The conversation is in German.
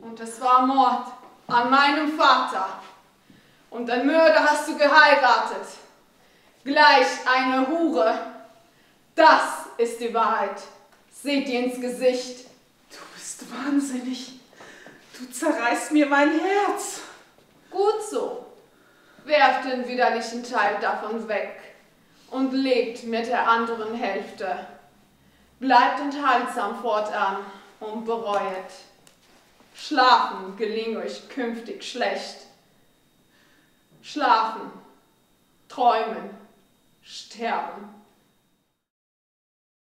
Und es war Mord an meinem Vater. Und ein Mörder hast du geheiratet. Gleich eine Hure. Das ist die Wahrheit. Seht ihr ins Gesicht. Du bist wahnsinnig. Du zerreißt mir mein Herz. Gut so. Werft den widerlichen Teil davon weg und lebt mit der anderen Hälfte. Bleibt enthaltsam fortan und bereuet. Schlafen gelingt euch künftig schlecht. Schlafen, träumen, sterben.